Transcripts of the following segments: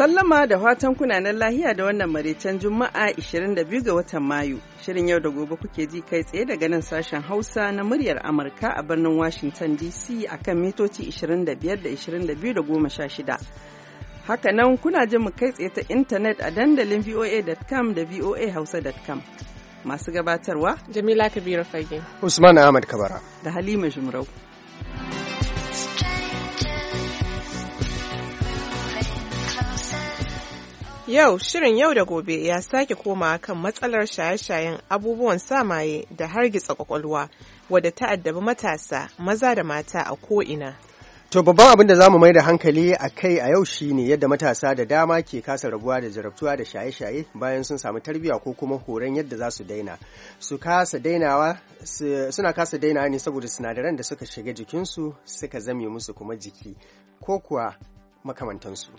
Sallama da fatan kuna kunanan lahiya da wannan maraicen Juma'a 22 ga watan Mayu. Shirin yau da gobe kuke ji kai tsaye daga nan sashen Hausa na muryar Amurka a birnin Washington DC a kan mitoci 25 da 22 da Haka nan kuna jin mu kai tsaye ta intanet a dandalin voa.com da voahausa.com. Masu gabatarwa Jamila Kabiru Fage. Usman Ahmad Kabara. Da Halima Jumrau. Yau shirin yau da gobe ya sake koma kan matsalar shaye-shayen abubuwan samaye da hargitsa kwakwalwa wadda ta addabi matasa maza da mata a ko'ina. To babban abin da za mu mai da hankali a kai a yau shi ne yadda matasa da dama ke kasa rabuwa da jarabtuwa da shaye-shaye bayan sun samu tarbiyya ko kuma horon yadda za su daina. Su kasa dainawa suna kasa dainawa ne saboda sinadaran da suka shiga jikinsu suka zame musu kuma jiki ko kuwa makamantansu.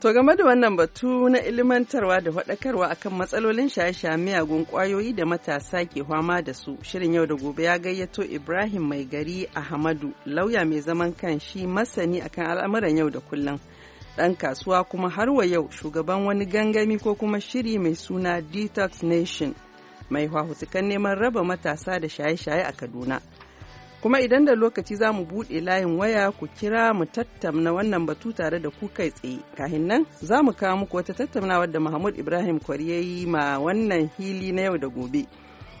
To game da wannan batu na ilimantarwa da faɗakarwa akan matsalolin shaye-shaye miyagun ƙwayoyi da matasa ke fama da su, shirin yau da gobe ya gayyato Ibrahim Mai Gari Ahmadu, lauya mai zaman kan shi masani akan al'amuran yau da kullum. Ɗan kasuwa kuma har wa yau shugaban wani gangami ko kuma shiri mai suna Detox Nation, mai hahutukan neman raba matasa da shaye-shaye a Kaduna. kuma idan da lokaci za mu buɗe layin waya ku kira mu tattauna wannan batu tare da ku kai tsaye kahin nan za mu kawo muku wata tattaunawa da mahmud ibrahim kwari yi ma wannan hili na yau da gobe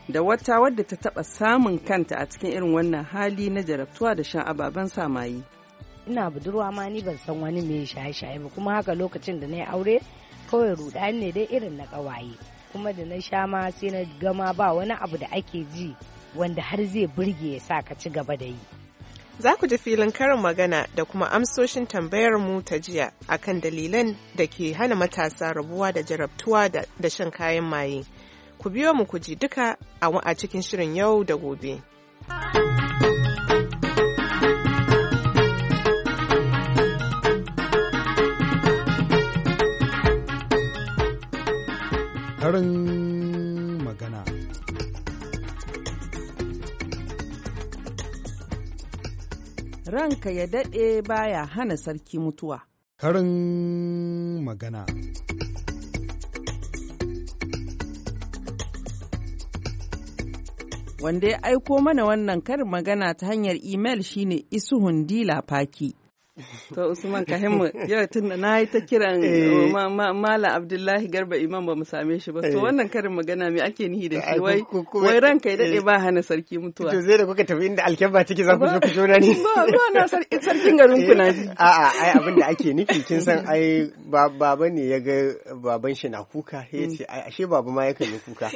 da wata wadda ta taɓa samun kanta a cikin irin wannan hali na jarabtuwa da shan ababen samayi ina budurwa ma ni ban san wani mai shaye-shaye ba kuma haka lokacin da na yi aure kawai rudani ne dai irin na kawaye kuma da na sha ma sai na gama ba wani abu da ake ji wanda har zai burge ya sa ka ci gaba da yi. Za ku ji filin karin magana da kuma amsoshin tambayar mu ta jiya akan dalilan da ke hana matasa rabuwa da jarabtuwa da shan kayan maye. Ku biyo mu ku ji duka a cikin shirin yau da gobe. Karin ranka ya daɗe baya hana sarki mutuwa. Karin magana. Wanda ya aiko mana wannan karin magana ta hanyar imel shine Isuhun Dila paki. To Usman Kahimu yau tun da na yi ta kiran eh. oh, Mala Abdullahi Garba Imam ba mu same shi ba. To eh. wannan karin magana me ake nihi da shi wai wai ranka ya dade eh. ba hana sarki mutuwa. To zai da kuka tafi inda alkyabba take za ku je ku jona ni. Ba ba na sarkin garin ku na ji. A'a ai abin da ake nufi kin san ai baba ne ya ga baban shi na kuka ya ce ashe baba ma yakan yi kuka.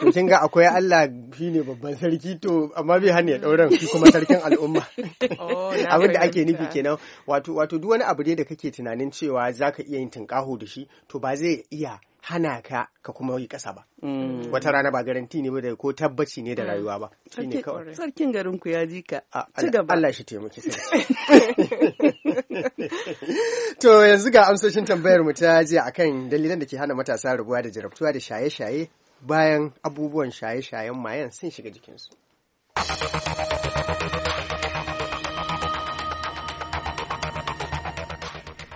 To kin ga akwai Allah shi ne babban sarki to amma bai hana ya dauran shi kuma sarkin al'umma. Oh, abin da ake nufi kenan wato wato duk wani abu ne da kake tunanin cewa zaka iya yin tunƙaho da shi to ba zai iya hana ka ka kuma yi ƙasa ba. Mm. Wata rana ba garanti ne da ko tabbaci ne da mm. rayuwa ba. Sarkin garin ku ya ji ka. Ci gaba. Allah shi taimaki To yanzu ga amsoshin tambayar mu ta ji akan dalilan da ke hana matasa rabuwa da jarabtuwa da shaye-shaye bayan abubuwan shaye-shayen mayan sun shiga jikinsu.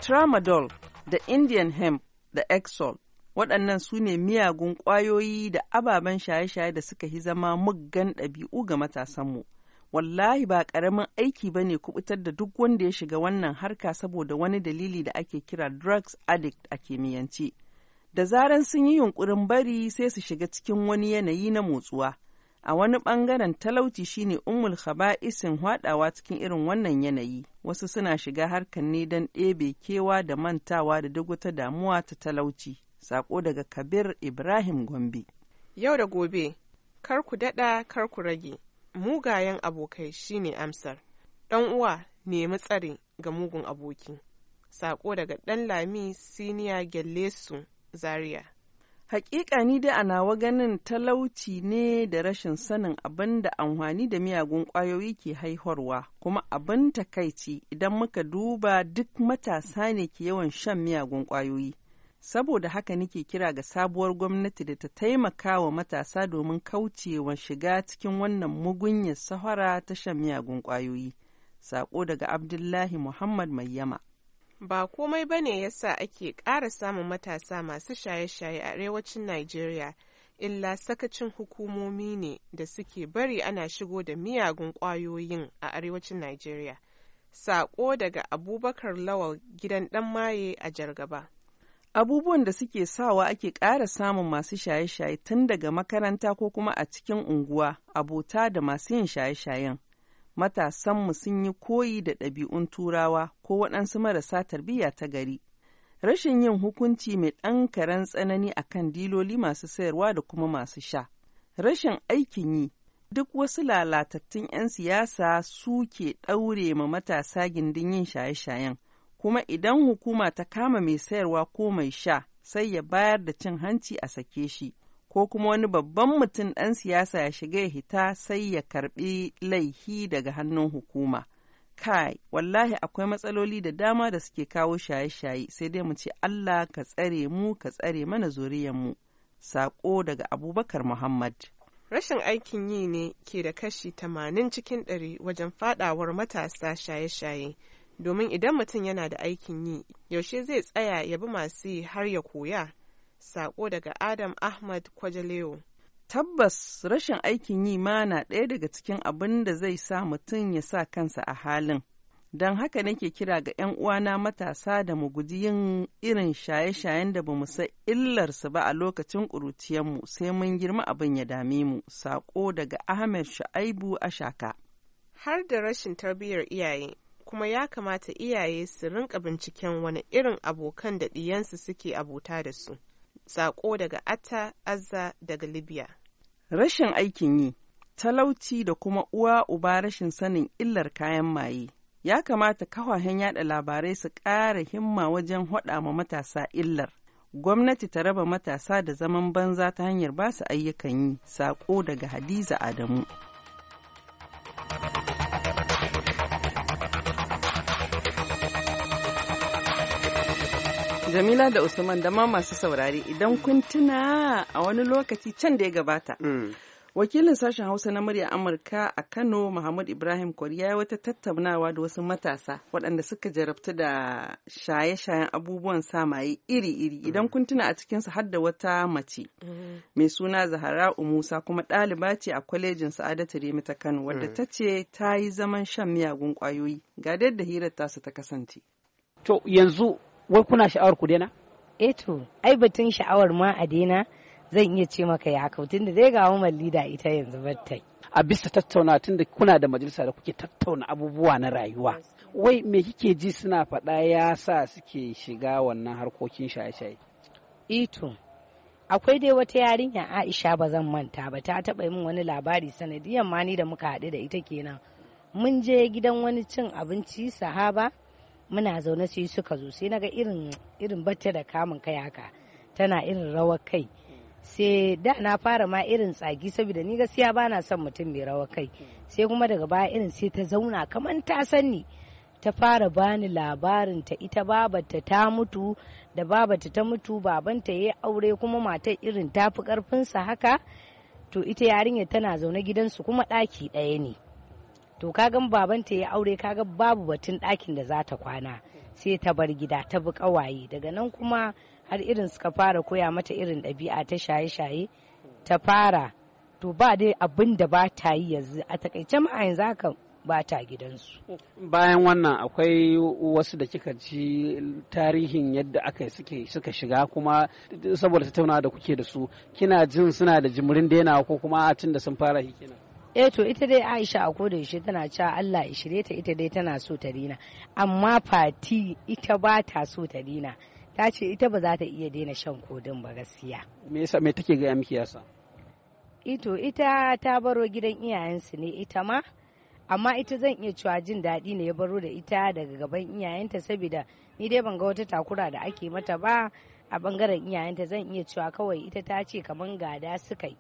tramadol da indian hemp da exol waɗannan su ne miyagun ƙwayoyi da ababen shaye-shaye da suka yi zama muggan ɗabi'u ga matasanmu. Wallahi ba ƙaramin aiki ba ne kubutar da duk wanda ya shiga wannan harka saboda wani dalili da ake kira drugs addict a kimiyyance. Da zaran sun yi yunkurin bari sai su shiga cikin wani yanayi na motsuwa, a wani bangaren talauci shine umul khaba'isin hwadawa cikin irin wannan yanayi wasu suna shiga harkan ne don ɗebe kewa da mantawa da duk wata damuwa ta talauci sako daga kabir ibrahim gombe yau da gobe kar ku daɗa kar ku rage mugayen abokai shine amsar ɗan uwa nemi tsare ga mugun aboki sako daga ɗan lami siniya gelle zaria Hakika ni dai a nawa ganin talauci ne da rashin sanin abin da amfani da miyagun ƙwayoyi ke haihuwa kuma abin takaici idan muka duba duk matasa ne ke yawan shan miyagun ƙwayoyi. Saboda haka nike kira ga sabuwar gwamnati da ta taimaka wa matasa domin kaucewa shiga cikin wannan mugunyar sahara ta shan miyagun ƙwayoyi. Sako daga Abdullahi Muhammad Mayyama. Ba komai ba ne ya sa ake ƙara samun matasa masu shaye-shaye a arewacin Najeriya, illa sakacin hukumomi ne da suke bari ana shigo da miyagun ƙwayoyin a arewacin Najeriya. Saƙo daga Abubakar Lawal gidan ɗan maye a Jargaba. abubuwan da suke sawa ake ƙara samun masu shaye-shaye tun daga makaranta ko kuma a cikin unguwa abota da masu yin shaye-shayen matasanmu sun yi koyi da ɗabi'un turawa ko waɗansu marasa tarbiyya ta gari. Rashin yin hukunci mai ɗan karen tsanani a kan diloli masu sayarwa da kuma masu sha. Rashin aikin yi, duk wasu lalatattun 'yan siyasa suke ɗaure ma matasa gindin yin shaye-shayen, kuma idan hukuma ta kama mai sayarwa ko mai sha, sai ya bayar da cin hanci a sake shi. ko kuma wani babban mutum ɗan siyasa ya shiga ya hita sai ya karɓi laihi daga hannun hukuma. Kai, wallahi akwai matsaloli da dama da suke kawo shaye-shaye sai dai mu ce Allah ka tsare mu ka tsare mana mu. Saƙo daga Abubakar Muhammad. Rashin aikin yi ne ke da kashi tamanin cikin ɗari wajen faɗawar matasa shaye-shaye. Domin idan mutum yana da aikin yi, yaushe zai tsaya ya bi masu yi har ya koya Sako daga Adam Ahmad Kwajaleo. Tabbas rashin aikin yi ma na ɗaya daga cikin abin da zai sa mutum ya sa kansa a halin. Don haka nake kira ga 'yan uwana matasa da mu guji yin irin shaye-shayen da bamu sa illarsa ba a lokacin ƙuruciyarmu sai mun girma abin ya dame mu. Sako daga Ahmed Sha'aibu shaka Har da rashin tarbiyyar iyaye, kuma ya kamata iyaye su rinka binciken wani irin abokan da ɗiyansu suke abota da su. Sako daga Atta Azza daga Libya. Rashin aikin yi, talauci da kuma uwa uba rashin sanin illar kayan maye. Ya kamata kawahen yada labarai su ƙara himma wajen haɗa ma matasa illar. Gwamnati ta raba matasa da zaman banza ta hanyar basu ayyukan yi, sako daga Hadiza Adamu. Jamila da Usman da ma masu saurari idan kun tuna a wani lokaci can da ya gabata. Mm. Wakilin sashen Hausa na murya Amurka a Kano Muhammad Ibrahim Koriya ya wata tattaunawa da wasu matasa waɗanda suka jarabtu da shaye-shayen abubuwan samaye iri-iri mm. idan kun tuna a cikinsu har da wata mace mm. mai suna Zahara Musa kuma ɗaliba ce a kwalejin Sa'adatu Remi ta Kano wadda ta ce ta yi zaman shan miyagun kwayoyi ga yadda hirar tasu ta kasance. To yanzu wai kuna sha'awar ku daina eh to ai batun sha'awar ma a daina zan iya ce maka ya haka tunda zai ga mu lida ita yanzu battai a bisa tattauna tunda kuna da majalisa da kuke tattauna abubuwa na rayuwa wai me kike ji suna faɗa ya sa suke shiga wannan harkokin shaye-shaye ito eh akwai dai wata yarinya aisha ba zan manta ba ta taɓa yi min wani labari sanadiyan ma ni da muka haɗu da ita kenan mun je gidan wani cin abinci sahaba muna zaune sai suka zo sai naga irin irin bacce da kamun kai haka tana irin rawar kai sai da na fara ma irin tsagi saboda ni gaskiya ba na son mutum mai rawa kai sai kuma daga baya irin sai ta zauna kamar ta sani ta fara bani labarin ta ita babarta ta mutu da babata ta mutu babanta ya aure kuma matar irin ta fi karfinsa haka to ita yarinya tana zaune gidansu kuma ɗaki ɗaya ne to kagan ta ya aure kaga babu batun ɗakin da za ta kwana sai ta bar gida ta bi kawaye daga nan kuma har irin suka fara koya mata irin ɗabi'a ta shaye-shaye ta fara to ba dai abin da ba ta yi yanzu a takaice ma yanzu haka ba ta gidansu. Bayan wannan akwai wasu da kika ji tarihin yadda aka suke suka shiga kuma saboda tataunawa da kuke da su kina jin suna da jimirin daina ko kuma a tun da sun fara hikina. eh to ita dai Aisha a koda yaushe tana cewa Allah ya shirye ta ita dai tana so ta dina amma fati ita ba ta so ta dina ta ce ita ba za ta iya daina shan kodin ba gaskiya me yasa me take ga miki yasa ito eh ita ta baro gidan iyayensu ne ita ma amma ita zan iya cewa jin daɗi ne ya baro da ita daga gaban iyayenta saboda ni dai ban ga wata takura da ake mata ba a bangaren iyayenta zan iya cewa kawai ita ta ce kaman gada suka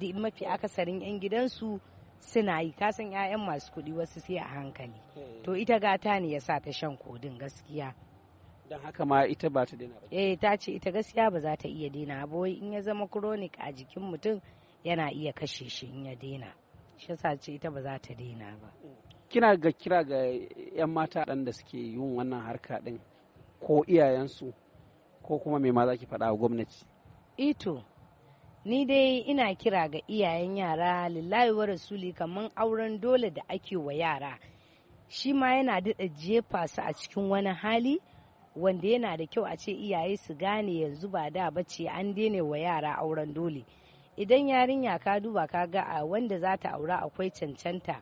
yi mafi akasarin 'yan gidansu suna yi kasan 'ya'yan masu kuɗi wasu sai a hankali hmm. to ita gata ne ya sa ta shan kodin gaskiya don haka ma ita ba ta daina eh ta ce ita gaskiya ba za ta iya daina ba in ya zama chronic a jikin mutum yana iya kashe shi in ya daina shi sa ce ita ba za ta daina ba hmm. kina ga kira ga 'yan mata ɗan da suke yin wannan harka ɗin ko iyayensu ko kuma me ma za ki faɗa a gwamnati ito eh ni dai ina kira ga iyayen yara lillahi wa rasuli kamar auren dole da ake wa yara shi ma yana daɗa jefa su a cikin wani hali wanda yana da kyau a ce iyaye su gane yanzu ba da ba ce an daina wa yara auren dole idan yarinya ka duba ka ga a wanda za ta aura akwai cancanta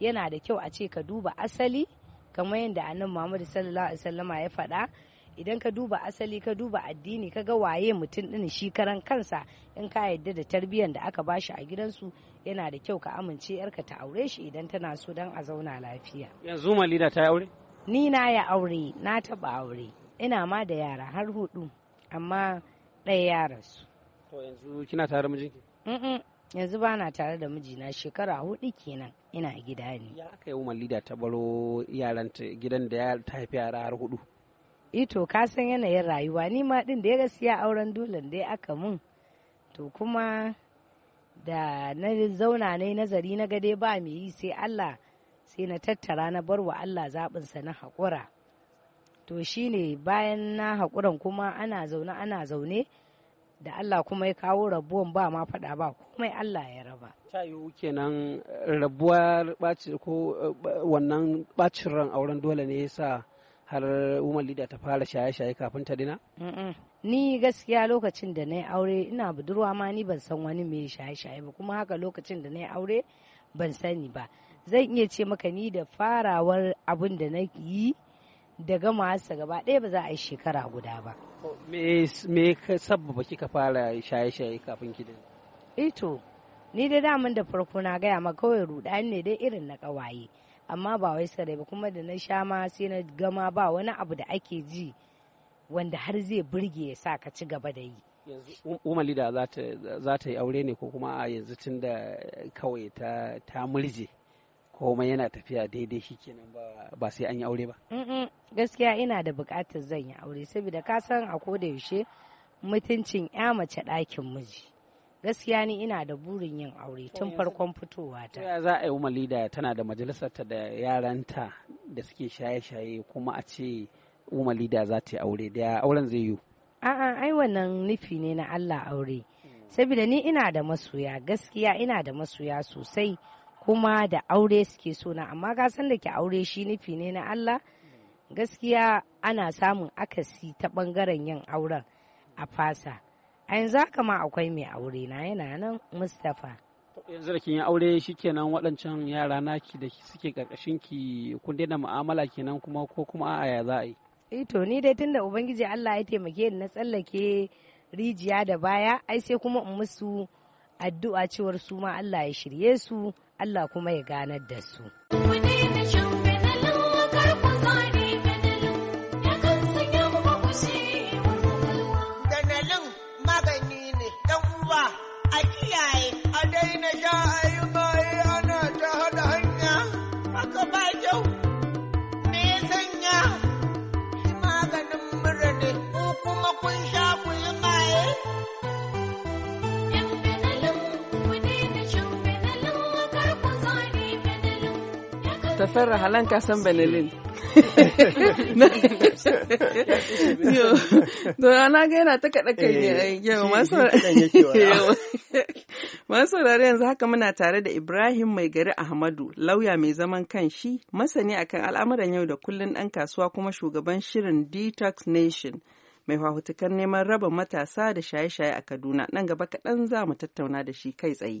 yana da kyau a ce ka duba asali kamar yadda nan muhammadu sallallahu alaihi ya faɗa idan ka duba asali ka duba addini ka ga waye mutum din shi karan kansa in ka yadda da tarbiyyar da aka bashi a gidansu yana da kyau ka amince yarka ta aure shi idan tana so dan a zauna lafiya yanzu malida ta aure ni na ya aure na taba aure ina ma da yara har hudu amma ɗaya yaran su to yanzu kina tare mijinki yanzu ba na tare da mijina shekara hudu kenan ina gida ne ya aka yi umar ta baro yaran gidan da ta haifi yara har hudu ito eh ka san yanayin rayuwa ni ma din da ya gaskiya auren dole dai aka mun to kuma da na zauna ne nazari na gade ba mu yi sai Allah sai na tattara na bar wa Allah sa na haƙura to shine bayan na haƙuran kuma ana zaune ana zaune da Allah kuma ya kawo rabuwan ba ma faɗa ba komai Allah ya raba. Ta yiwu kenan rabuwar ɓaci ko eh, wannan ɓacin ran auren dole ne yasa har Umar Lida ta fara shaye-shaye kafin ta dina? Ni gaskiya lokacin da na yi aure ina budurwa ma ni ban san wani mai shaye-shaye ba kuma haka lokacin da na yi aure ban sani ba. Zan iya ce maka ni da farawar abin da na yi da gama gaba ɗaya ba za a yi shekara guda ba. Oh, me sabba kika fara shaye-shaye kafin ki dina? Ito, eh ni da daman da farko na gaya ma kawai rudani ne dai irin na kawaye. amma ba wai sarai ba kuma da na sha ma sai na gama ba wani abu da ake ji wanda har zai burge ya sa ka ci gaba da yi yanzu umali da za ta yi aure ne ko kuma a yanzu tun da kawai ta ta murje komai yana tafiya daidai shi kenan ba sai an yi aure ba gaskiya ina da bukatar zan yi aure saboda ka san a koda yaushe mutuncin ya mace ɗakin miji gaskiya ni ina da burin yin aure tun farkon fitowa ta ya za a yi umar lida tana da majalisarta da yaranta da suke shaye-shaye kuma a ce umar lida za ta yi aure da auren zai yi a'a ai wannan nufi ne na Allah aure hmm. saboda ni ina da masoya gaskiya ina da masoya sosai kuma da aure suke so na amma ga san da ke aure shi nufi ne na Allah hmm. gaskiya ana samun akasi ta bangaren yin auren a fasa a yanzu haka ma akwai mai aure na yana nan mustapha yanzu da kin yi aure shikenan waɗancan yara naki da suke karkashin ki kun daina mu'amala kenan kuma ko kuma a'a ya za a yi eh to ni dai tunda ubangiji Allah ya taimake ni na tsallake rijiya da baya ai sai kuma in musu addu'a cewar su ma Allah ya shirye su Allah kuma ya ganar da su. sarra halan ka san benelin ana ga yana ta kaɗa yau yanzu haka muna tare da ibrahim mai gari ahmadu lauya mai zaman kanshi masani akan al'amuran yau da kullun ɗan kasuwa kuma shugaban shirin detox nation mai fafutukar neman raba matasa da shaye-shaye a kaduna nan gaba kaɗan za mu tattauna da shi kai tsaye.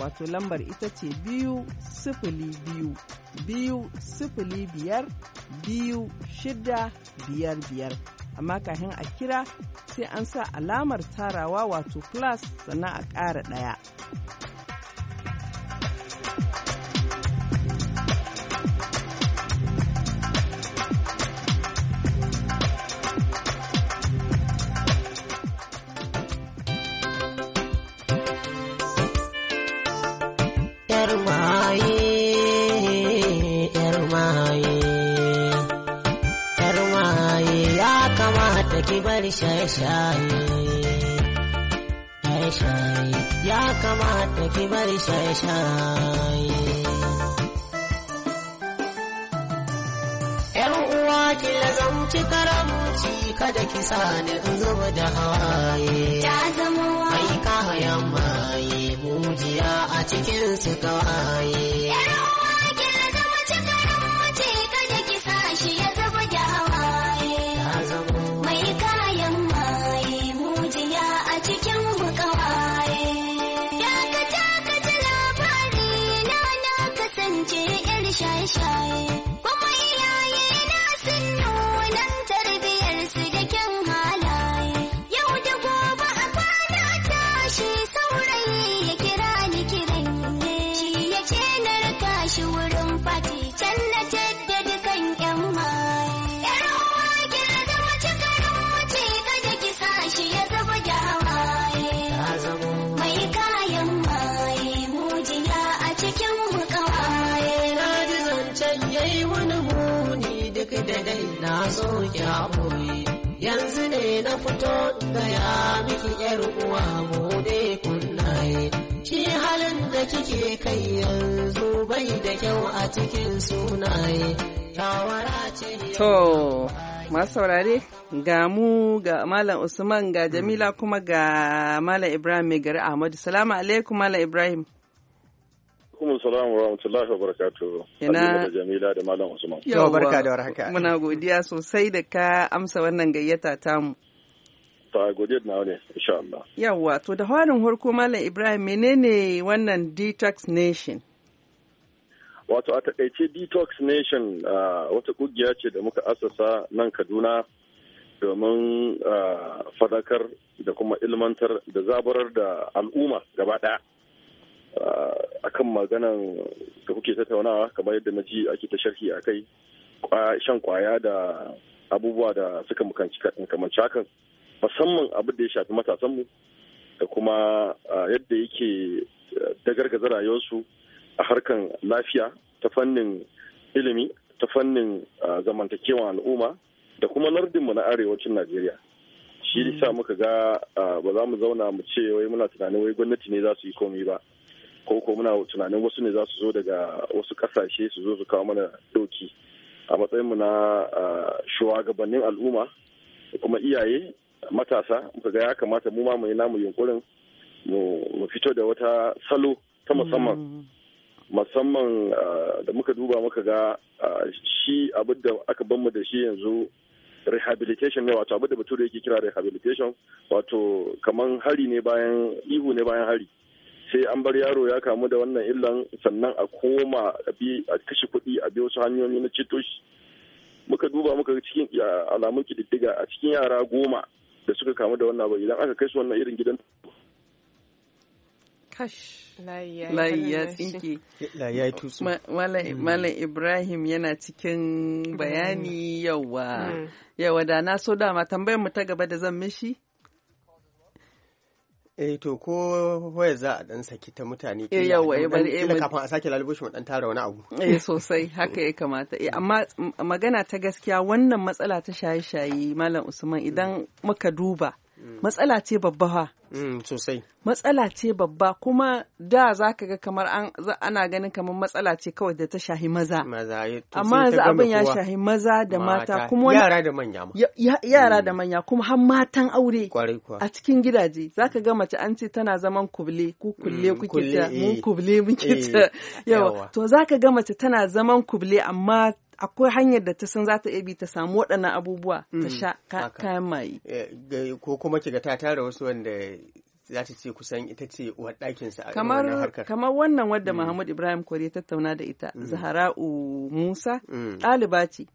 wato lambar ita ce biyu sifili biyu biyu sifili biyar biyu shida biyar biyar amma kafin a kira sai an sa alamar tarawa wato plus sannan a ƙara ɗaya. shaye-shaye ya kamata ki bari shaye-shaye yan uwa ki lazamci karamci kada ki sani in zuba da hawaye ya zama mai kayan maye mujiya a cikin su kawaye na so yanzu ne na fito ya miki yar uwa bude kunnaye ki halin da kike kai yanzu bai da kyau a cikin sunaye shawara ce to masu saurare ga mu ga Malam Usman ga Jamila kuma ga Malam Ibrahim mai gari Ahmadu. Salamu alaikum Malam Ibrahim. alaikum salamu wa rahmatullahi wa barakatu. Ina Jamila da Malam Usman. Yau barka da warhaka. Muna godiya sosai da ka amsa wannan gayyata tamu. Ta gode na ne insha Allah. Yawa to da harin harko Malam Ibrahim menene wannan Detox Nation? Wato a takaice Detox Nation wata kungiya ce da muka asasa nan Kaduna domin fadakar da kuma ilmantar da zabarar da al'umma gaba ɗaya. a kan maganan da kuke tattaunawa kamar yadda na ji ake ta sharhi a kai shan kwaya da abubuwa da suka kamar hakan musamman abin da ya shafi matasanmu da kuma yadda yake dagargaza rayuwarsu a harkan lafiya ta fannin ilimi ta fannin zamantakewan al'umma da kuma lardinmu na arewacin najeriya shi sa mm. muka ga ba za mu zauna mu ce wai muna tunanin wai gwamnati ne za su yi komai ba ko ko muna tunanin wasu ne za su zo daga wasu kasashe su zo su kawo mana doki a matsayin matsayinmu na shugabannin al'umma da kuma iyaye matasa muka ga ya kamata mu ma mu yi namu yunkurin mu fito da wata salo ta musamman mm. musamman da muka duba muka ga shi abu da aka banmu da shi yanzu rehabilitation ne wato abu da bature yake kira rehabilitation wato kaman hari ne bayan ihu ne bayan hari sai an bar yaro ya kamu da wannan illan sannan a koma a kashe kuɗi a bi wasu hanyoyi na ceto shi muka duba muka cikin alamun kididdiga a cikin yara goma da suka kamu da wannan abu idan aka kai su wannan irin gidan mm. malam ibrahim yana cikin bayani yawa mm. yawa da na so dama tambayar mu ta gaba da zan mishi eh to ko waya za a dan saki ta mutane ke, yawa eh bari eh kafin a sake lalubo shi mu dan tara wani abu eh sosai haka ya kamata eh amma magana ta gaskiya wannan matsala ta shaye-shaye malam Usman idan muka duba Mm. matsala ce babba ha mm, sosai matsala ce babba kuma da za ka ga kamar ana ganin kamar matsala ce kawai da ta shahi maza amma yanzu abin ya shahi maza da mata kuma yara da manya ma. yara mm. da manya kuma har matan aure a cikin gidaje za ka ga mace an ce tana zaman kubule ku kulle kuke ta mun eh. kubule muke eh, ta yawa to za ka ga mace tana zaman kubule amma akwai hanyar da ta san za ta iya bi ta samu waɗannan abubuwa ta mm, sha kayan maye eh, ko kuma kiga ta tara wasu wanda za ta ce kusan ita ce uwar ɗakinsa a kamar harkar. Kamar wannan wadda mm. Muhammad Ibrahim Kore tattauna da ita, mm. Zahra'u Musa, mm. ɗaliba ce,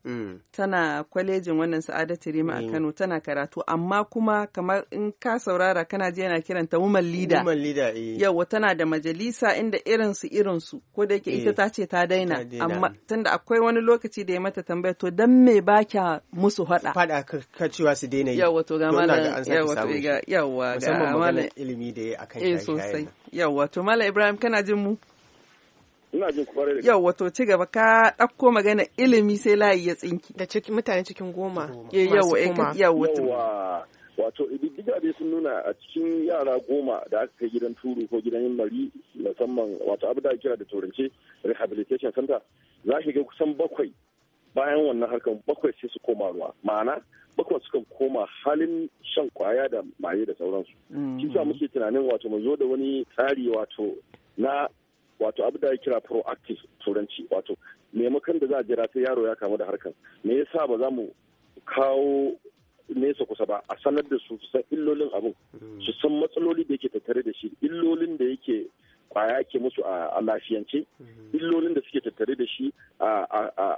tana kwalejin wannan Sa'adatu Rima a Kano tana karatu, amma kuma kamar in ka saurara kana je yana kiranta woman leader. Woman leader, eh. Yawwa tana da majalisa inda irinsu irinsu, ko da yake ita eh. ta ce ta daina, amma tunda akwai wani lokaci da ya mata tambaya to dan me ba kya musu haɗa. Faɗa ka cewa su daina yi. Yawwa to ga malam, yawwa to ga, yawwa ga malam. ilimi da ya akan eh, shaye-shaye. sosai. Yawwa to Mala Ibrahim kana jin mu? Ina jin kwarai da Yawwa to ci gaba ka ɗauko magana ilimi sai layi ya tsinki. Da cikin mutane cikin goma. Eh, yawwa eh, yawwa. Wato ididdiga dai sun nuna a cikin yara goma da aka kai gidan turu ko gidan yin mari musamman wato abu da kira da turance rehabilitation center za ki ga kusan bakwai bayan wannan harkar bakwai sai su koma ruwa ma'ana bakwai sukan koma halin shan kwaya da maye da sauransu mm-hmm. shi sa muke tunanin wato mu zo da wani tsari wato na wato abu da kira proactive turanci wato maimakon da za a jira sai yaro ya kamu da harkar me yasa ba za mu kawo nesa kusa ba a sanar da su su san illolin abin mm-hmm. su san matsaloli da yake tattare da shi illolin da yake kwaya ke musu a lafiyance mhm. illolin da suke tattare da shi a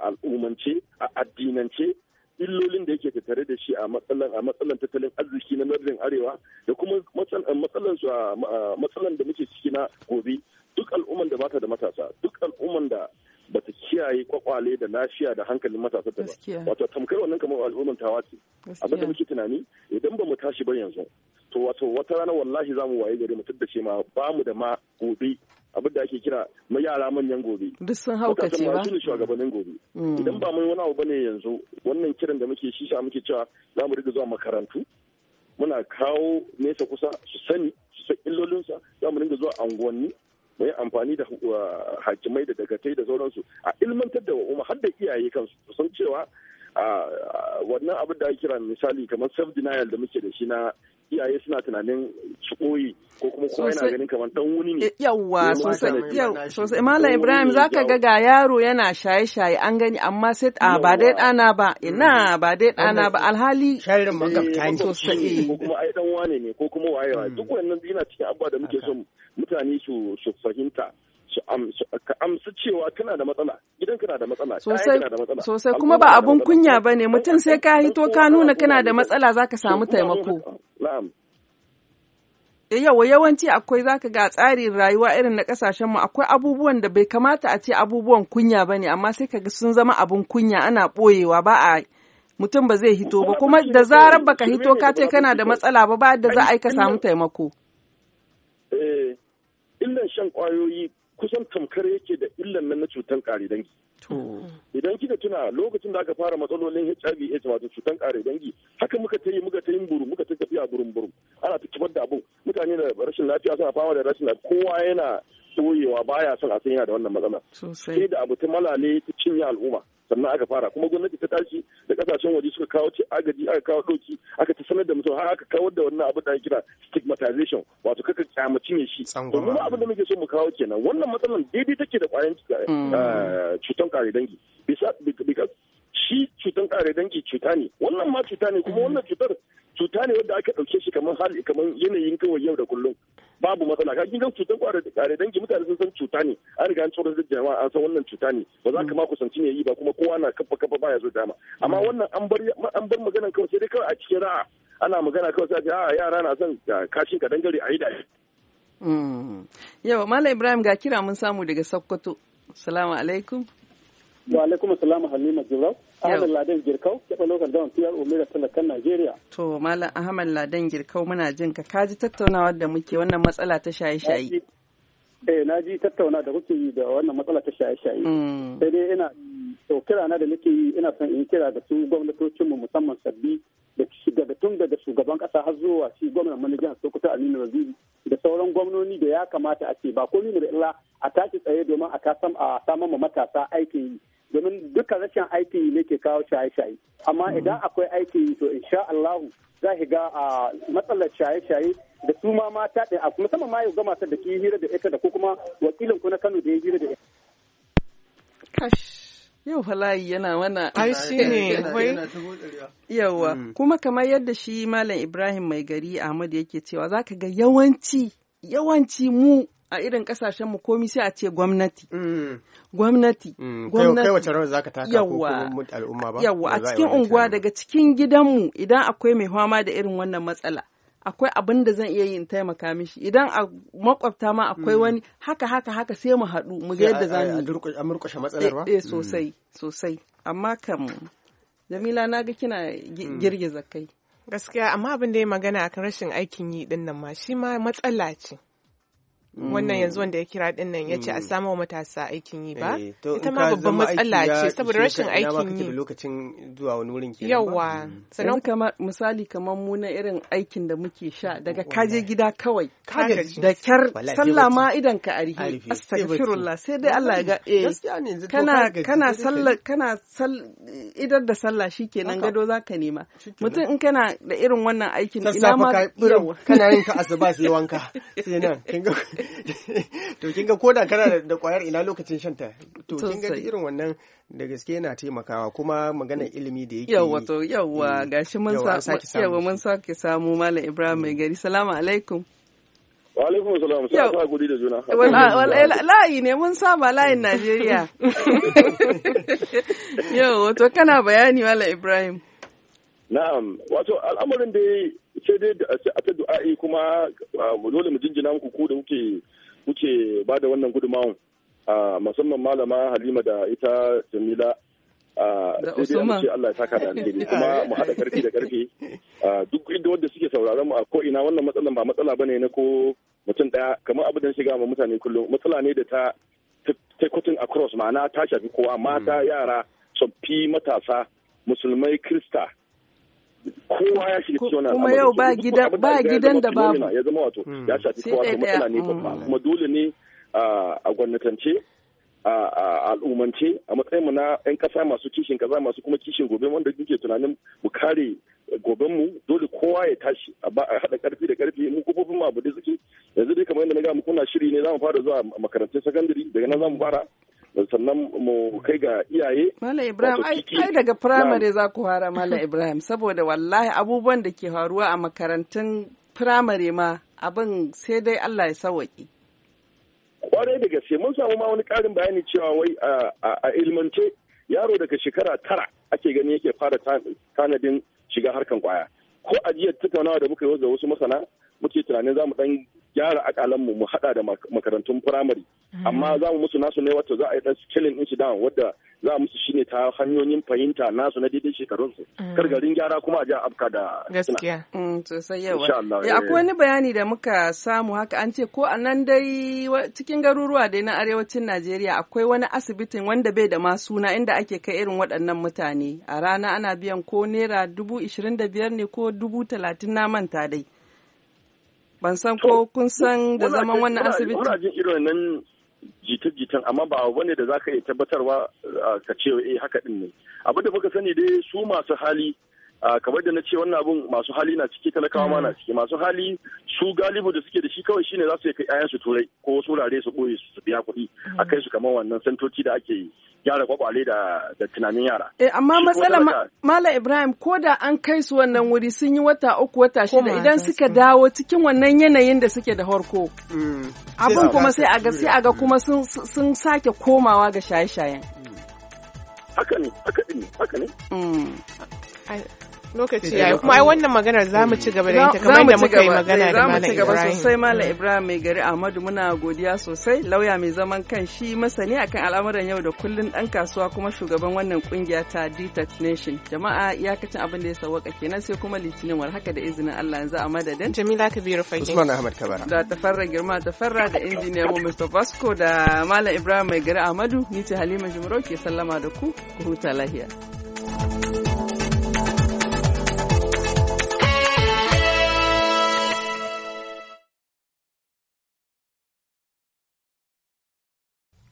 al'umance a addinance illolin da yake tattare da shi a matsalan tattalin arziki na lardin arewa da kuma matsalan matsalan da muke ciki na gobe duk al'umman da ta da matasa duk al'umman da ba ta kiyaye kwakwale da lafiya da hankalin matasa ta ba wato tamkar wannan kamar al'umman tawa ce abinda muke tunani idan ba mu tashi ba yanzu to wato wata rana wallahi zamu mu waye gari mu ce ma ba mu da ma gobe abin da ake kira ma yara manyan gobe duk sun haukace ba su shugabannin gobe hmm. idan ba mu wani abu bane yanzu wannan kiran da muke shi sa muke cewa za mu riga zuwa makarantu muna kawo nesa kusa su sani su san illolinsa za mu ringa zuwa unguwanni mu yi amfani da uh, hakimai da dagatai da sauransu a ilmantar da umma har da iyaye kansu su san cewa uh, wannan abin da ake kira misali kamar self denial da muke da shi na iyaye suna tunanin su koyi ko kuma kowa yana ganin kamar dan wuni ne eh, yawa sosai sosai malam ibrahim zaka ga ga yaro yana shaye shaye an gani amma sai a ah, ba dai dana ba ina mm-hmm. ba dai dana ba alhali sharrin magabta ne sosai ko kuma ai dan wane ne ko kuma waye mm. duk wannan yana cikin abubuwa da muke son mutane su fahimta ka amsa cewa kana da matsala gidan kana da matsala sosai sosai kuma ba abun kunya ba ne mutum sai ka hito ka nuna kana da matsala zaka samu taimako eh, yawa yawanci akwai zaka ga tsarin rayuwa irin na kasashen mu akwai abubuwan da bai kamata a ce abubuwan kunya ne, amma sai kaga sun zama abun kunya ana boyewa ba a mutum ba zai hito ba kuma da zarar baka hito ka ce kana da matsala ba ba da za a yi ka samu taimako eh, illan shan kwayoyi kusan tamkar yake da illan nan na cutan kare dangi idan kika tuna lokacin da aka fara matsalolin HIV AIDS wato cutan kare dangi haka muka ta yi muka ta yin buru muka ta tafiya burum burum ana ta kibar da abun mutane da rashin lafiya suna fama da rashin lafiya kowa yana soyewa baya son a san yana da wannan matsala. sai da abu ta malale ta cinye al'umma sannan aka fara kuma gwamnati ta tashi da kasashen waje suka kawo ce agaji aka kawo doki aka ta sanar da mutum har aka kawar da wannan abu da ake kira stigmatization wato kaka kyamaci ne shi to mu abin da muke so mu kawo kenan wannan matsalan daidai take da kwayan eh, mm. eh, cutan kare dangi because shi cutan kare dangi cuta ne wannan ma cuta ne kuma mm. wannan cutar cuta ne wadda aka ɗauke shi kamar hali kamar yanayin kawai yau da kullum babu matsala ka gidan cutar kwarar da kare dangi mutane sun san cuta ne an riga an tsoron da jama'a an san wannan cuta ne ba za ka ma kusanci ne yi ba kuma kowa na kafa kafa baya zo dama amma mm. wannan an bar magana bar kawai sai dai kawai a cikin ra'a ana magana kawai sai a ah, yara na son ah, kashin ka dangare a yi da mm. yau malam ibrahim ga kira mun samu daga sokoto salamu alaikum wa alaikum salamu halima jibril Ahmad Laden Girkau, Talakan Najeriya. To, Malam Ahmad Ladan Girkau muna jin ka kaji tattaunawar da muke wannan matsala ta shaye-shaye. Eh, na ji tattauna da kuke yi da wannan matsala ta shaye-shaye. Mm. Sai dai ina to kira na da nake yi ina son in kira da su mu musamman sabbi daga tun daga shugaban kasa har zuwa shi gwamnan manajan Sokoto Aminu Waziri da sauran gwamnoni da ya kamata a ce ba ko ni da illa a tashi tsaye domin a samar ma matasa aikin yi. domin duka rashin aiki ne ke kawo shaye-shaye amma mm-hmm. idan akwai aiki to insha Allah za ki ga a matsalar shaye-shaye da su ma mata ɗin a musamman ma ga matar da ke hira da ita da ko kuma wakilin ku na Kano da ya hira da ita yau falayi yana mana ai shi ne yawa mm. kuma kamar yadda shi malam Ibrahim mai gari Ahmad yake cewa zaka ga yawanci yawanci mu a irin kasashen mu komi sai a ce gwamnati. Mm. Gwamnati. Mm, gwamnati. Kai wace rawar zaka taka ko al'umma ba? Yawwa a cikin unguwa daga cikin gidanmu idan akwai mai fama da irin wannan matsala. Akwai abin da zan iya yin taimaka mishi idan a makwabta ma akwai mm. wani haka haka haka sai mu haɗu mu ga yadda za mu yi. A murƙushe matsalar ba? Eh, eh sosai sosai amma kam Jamila na ga kina girgiza kai. Gaskiya amma abin da ya magana akan rashin aikin yi dinnan nan ma shi ma matsala ce. wannan mm. yanzu wanda ya kira din nan ya ce a mm. samu matasa aikin yi ba eh, ita ma babban matsala ce saboda rashin aikin yi lokacin zuwa wani wurin ke yawa mm. sannan kamar misali kamar mu na irin aikin da muke sha daga kaje gida kawai da kyar sallah ma idan ka arihi astaghfirullah sai dai Allah ya ga eh kana kana sallah kana sal idan da sallah shikenan gado zaka nema mutum in kana da irin wannan aikin ina ma kana yin ka asuba sai wanka sai nan kin ga to kinga ko da kana da kwayar ina lokacin shanta to kinga da irin wannan da gaske yana taimakawa kuma maganar ilimi da yake yawa to yawa mm. gashi mun sa yawa mun sa sake samu malam Ibrahim mai gari salamu alaikum wa alaikum salam sai ka gudi da juna wallahi la'i ne mun sa ba layin Najeriya yawa to kana bayani malam Ibrahim na'am wato al'amarin da sai dai a ta du'a'i kuma dole mu jinjina muku ku da kuke ba da wannan gudunmawan musamman malama halima da ita jamila ce Allah ya saka da alheri kuma mu haɗa ƙarfi da ƙarfi. Duk inda wanda suke sauraron mu a ko ina wannan matsalan ba matsala bane na ko mutum ɗaya kamar abu da shiga ma mutane kullum matsala ne da ta ta cutting across ma'ana ta shafi kowa mata mm. yara tsoffi matasa musulmai krista kowa ya shiga cikin wannan kuma yau ba gidan gidan da babu ya zama wato hmm. ya shafi kowa kuma hmm. kuma dole ne a gwamnatance a al'umance a matsayin mu na 'yan kasa masu kishin kaza masu kuma kishin gobe wanda duke tunanin mu kare goben mu dole kowa ya tashi a a haɗa karfi da karfi mu kofofin mu abu da suke yanzu dai kamar yadda na ga mu kuna shiri ne zamu fara zuwa makarantun sakandare daga nan zamu fara sannan mu kai ga iyaye Mala Ibrahim ai daga firamare za ku fara Mala Ibrahim saboda wallahi abubuwan da ke faruwa a makarantun firamare ma abin sai dai Allah ya sawaki kwarai da gaske mun samu ma wani karin bayani cewa wai a ilmance yaro daga shekara tara ake gani yake fara tanadin shiga harkan kwaya ko ajiyar tattaunawa da muka yi wasu masana muke tunanin za mu dan gyara akalanmu mu hada da makarantun firamare mm. amma za mu musu nasu ne wata za a yi dan scaling din shi down wadda za musu shine ta hanyoyin fahimta nasu na daidai shekarun su mm. garin gyara kuma a ji afka da gaskiya mm, sai yawa akwai eh. wani bayani da muka samu haka an ce ko a nan dai cikin garuruwa dai na arewacin Najeriya akwai wani asibitin wanda bai da ma suna inda ake kai irin waɗannan mutane a rana ana biyan ko naira dubu ishirin da biyar ne ko dubu talatin na manta dai ban san ko kun san da zaman wannan asibiti muna jin irin nan jita-jitan amma ba abu ne da zaka iya tabbatarwa ka ce eh haka din ne abu da muka sani dai su masu hali Ah, kamar da na ce wannan abun masu hali na ciki talakawa ma na mm. ciki masu hali su galibu da suke da shi kawai shine za su kai ayan su turai ko su rare su boye su biya kuɗi a mm. kai su kamar wannan santoci da ake gyara kwakwale da da tunanin yara eh amma matsala mala ibrahim ko da an kai su wannan wuri sun yi wata uku wata shida idan suka dawo cikin wannan yanayin da suke da horko mm. abun kuma sai a ga sai a ga kuma sun sake komawa ga shaye-shayen haka ne haka ne haka ne lokaci yayi kuma ai wannan maganar za mu ci gaba da ita kamar da muka yi magana da Malam Ibrahim. Za mu ci gaba eh, sosai Malam Ibrahim mai gari Ahmadu muna godiya sosai lauya mai zaman kan shi masani akan al'amuran yau da kullun dan kasuwa kuma shugaban wannan kungiya ta Detox Nation. Jama'a iyakacin abin da ya sawaka kenan sai kuma litinin war haka da izinin Allah yanzu a madadin. Jamila Kabiru Fage. Usman Ahmad Kabara. Da Tafarra Girma Tafarra da injiniya mu Mr. Vasco da Malam Ibrahim mai gari Ahmadu ni ce Halima Jumro ke sallama da ku ku huta lahiya.